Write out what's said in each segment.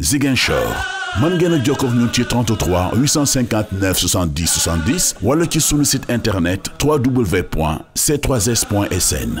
Ziguinchor mën ngeen a jokkoo ak ñun ci 33 859 70 70 wala ci sunu site internet www.c3s.sn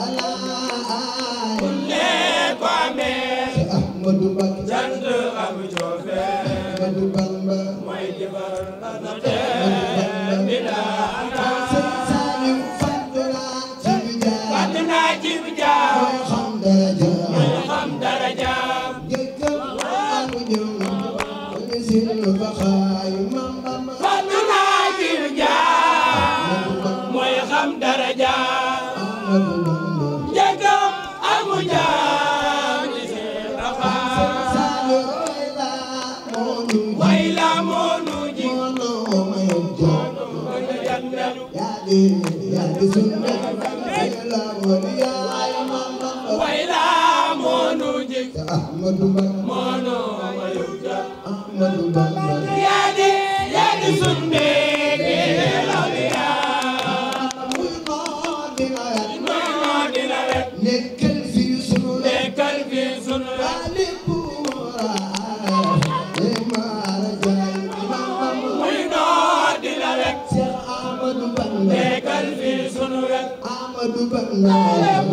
Ahmadu Bamba الله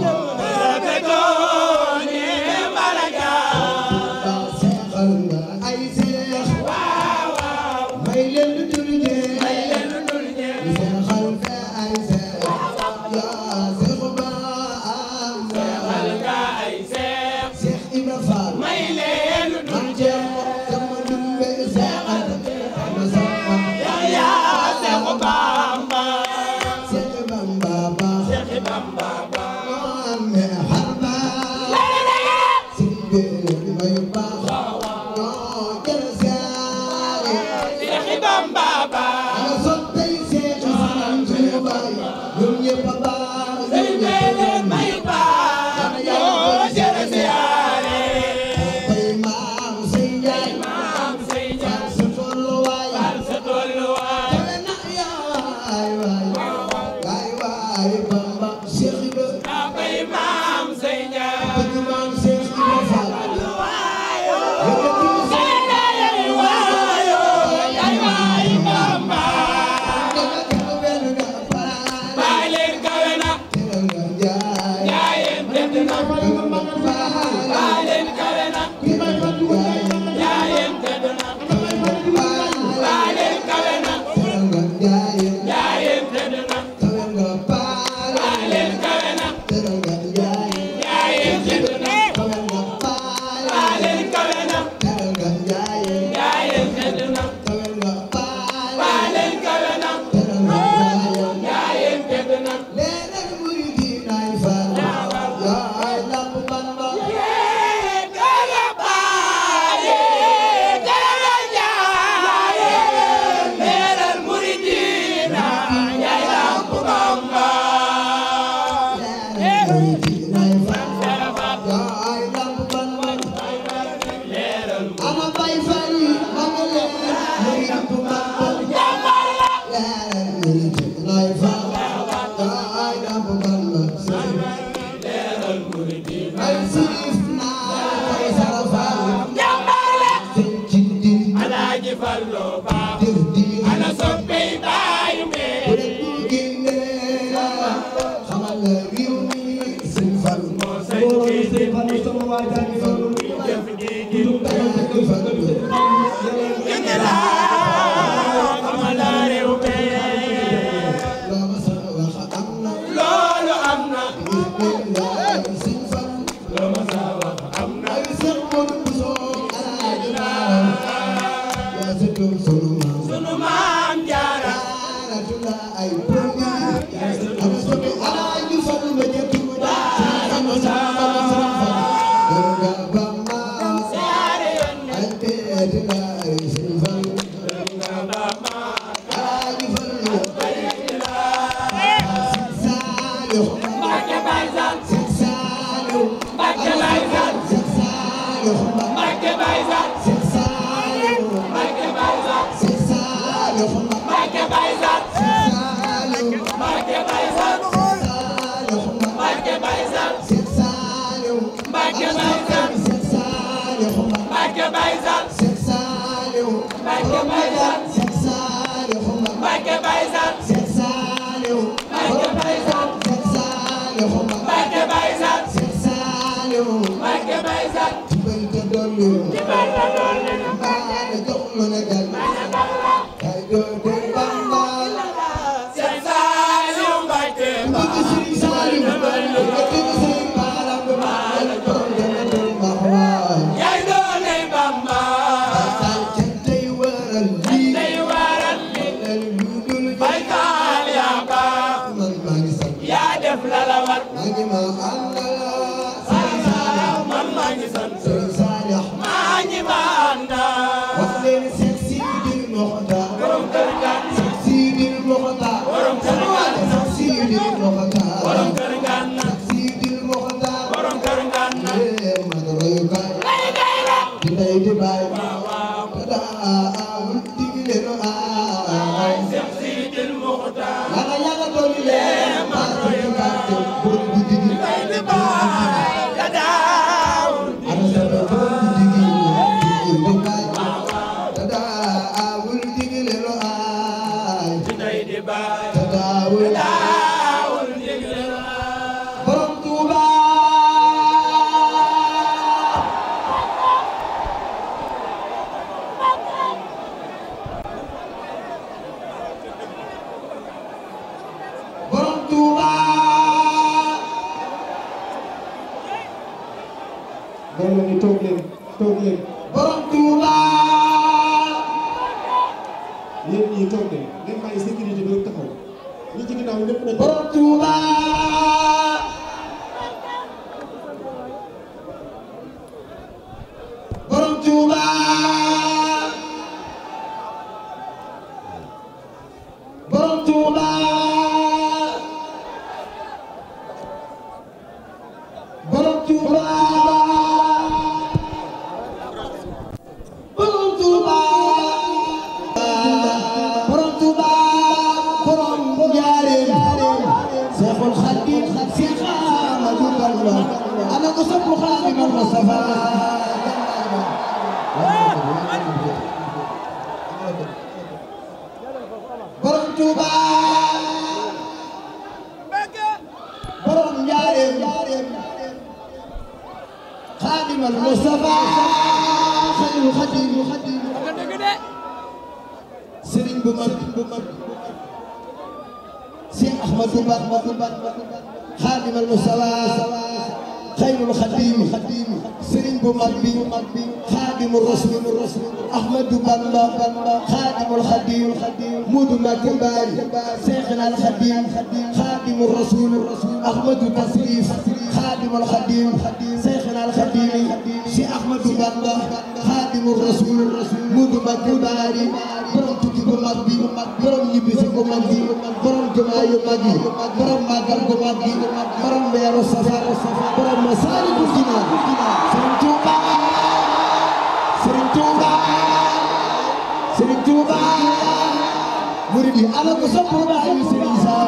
xam ne sama waa jàng yaa def la la war. maa ngi ma àndal. saa saa man maa ngi sant. Abdoulaye toog leen borom Touba yéen ñii toog leen ngeen bàyyi sécurité bi rek taxaw ñi ci ginnaaw lépp na borom Touba borom Touba الله أنا قصب خادم المصطفى برم توبا برم جارم خادم المصطفى خادم خادم خادم سرين بمر بمر سي أحمد بمر بمر بمر xaadim al mustafa xayrul xadim sëriñ bu mag bi xaadimu rasul ahmadu bamba xaadimul xadim mudu makka baay seexna al xadim xaadimu rasul ahmadu tasrif xaadimul xadim seexna al xadim si ahmadu bamba xaadimu rasul mudu makka baari borom tukki bu mag bi borom ñibbi si bu mag bi borom jumaa yu mag yi borom màggal borom weeru safar safar borom Masaalikul ala ko sopp Baay Sëriñ Saa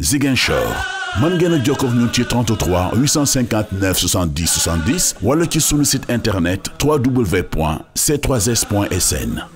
Ziguinchor mën ngeen a jokkoo ak ñun ci 33 859 70 70 wala ci sunu site internet www.c3s.sn